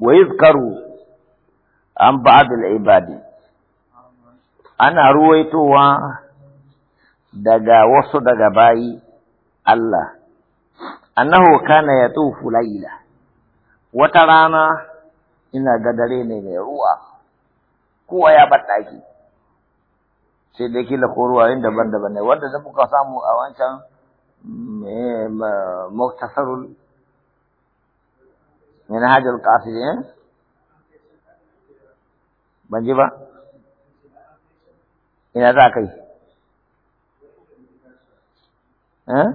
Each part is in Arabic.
ويذكروا عن بعض العباد أنا رويتوا دقا وصو دقا باي الله أنه كان يطوف ليلة وترانا إن قدرين من روى كوا يا بطاكي سيدكي لخوروا عند بند بند وانت سبقا سامو أوانشا مختصر منهاج القاصدين eh? ban ji ba ina za kai eh?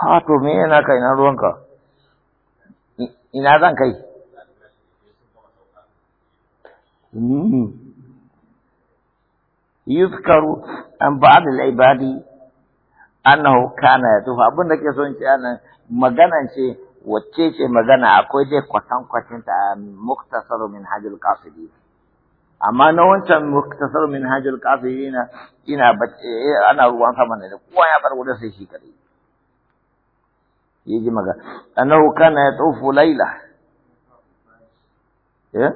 ha to me yana kai ina zan kai يذكر عن بعض العباد annahu kana ya tufa abin da ke son ce anan magana ce wacce ce magana akwai dai kwatan kwacin ta um, muktasar min hajjul qasidi amma na wancan muktasar min hajjul qasidi na ina eh, ana ruwan sama ne kowa ya bar wurin sai shi kadai yaji magana annahu kana ya tufu laila eh?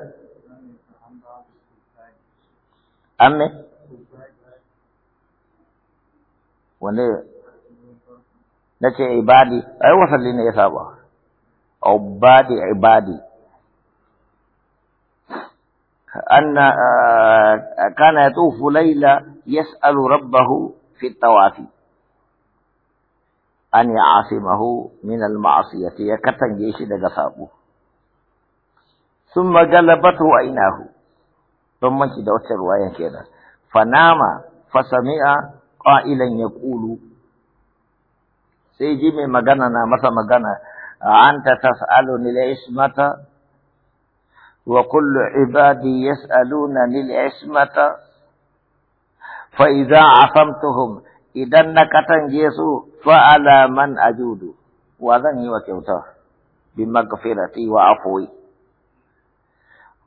amme wanda na ce ibadi ai wasalli ne ya saba ubadi ibadi أن آه، كان يطوف ليلة يسأل ربه في الطواف أن يعاصمه من المعصية يكتن جيش دقصابه ثم جلبته عيناه ثم انشد وتر وين كذا فنام فسمع قائلا يقول sai ji mai magana na masa magana anta tas'aluni al-ismata wa kullu ibadi yas'alunani al-ismata fa idza asamtuhum idan na katange su fa ala man ajudu wa zan yi wa kyauta bi magfirati wa afwi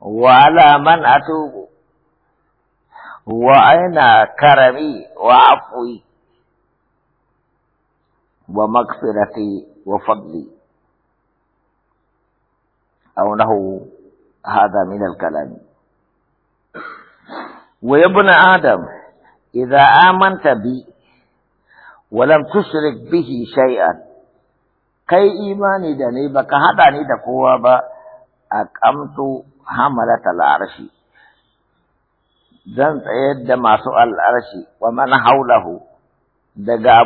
wa ala man atubu wa aina karami wa afwi ومغفرتي وفضلي او له هذا من الكلام ويا ادم اذا امنت بي ولم تشرك به شيئا كي ايماني دني بك هذا ني دكوا اقمت حمله العرش dan يد ما masu al'arshi ومن حوله haulahu daga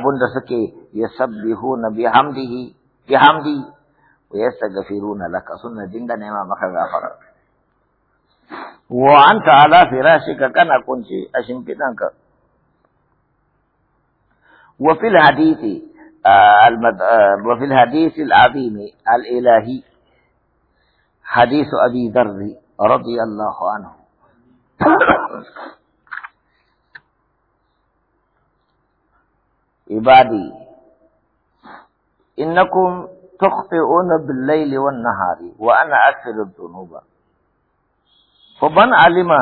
يسبحون بحمده بحمدي ويستغفرون لك سنة دنگا نما مكا غفر وأنت على فراشك كان كنت أشم بدنك وفي الحديث آه، المد... آه، وفي الحديث العظيم الإلهي حديث أبي ذر رضي الله عنه عبادي إنكم تخفئون بالليل والنهار وأنا أكثر الذنوب فمن علم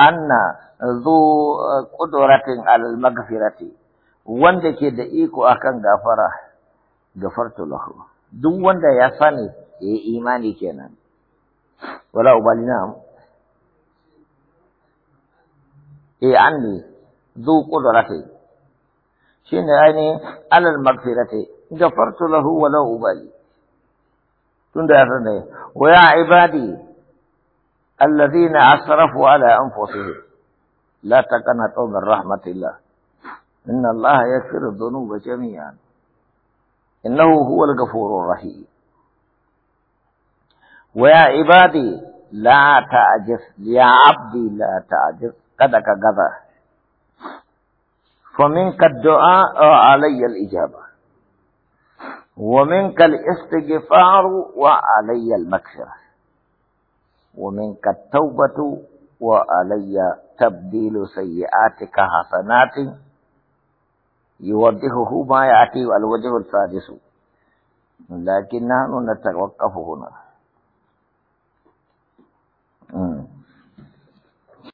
أن ذو قدرة على المغفرة وندك دئيك أكن غفرة غفرت له دو وند يساني إي إيماني كنا ولا أبالي نعم إي عني ذو قدرة شين أيني يعني على المغفرة غفرت له ولا أبالي تندى ويا عبادي الذين أسرفوا على أنفسهم لا تقنطوا من رحمة الله إن الله يغفر الذنوب جميعا إنه هو الغفور الرحيم ويا عبادي لا تعجز يا عبدي لا تعجز قدك غدا فمنك الدعاء علي الإجابة ومنك الاستغفار وعلي المغفرة ومنك التوبة وعلي تبديل سيئاتك حسنات يوضحه ما يأتي الوجه السادس لكن نحن نتوقف هنا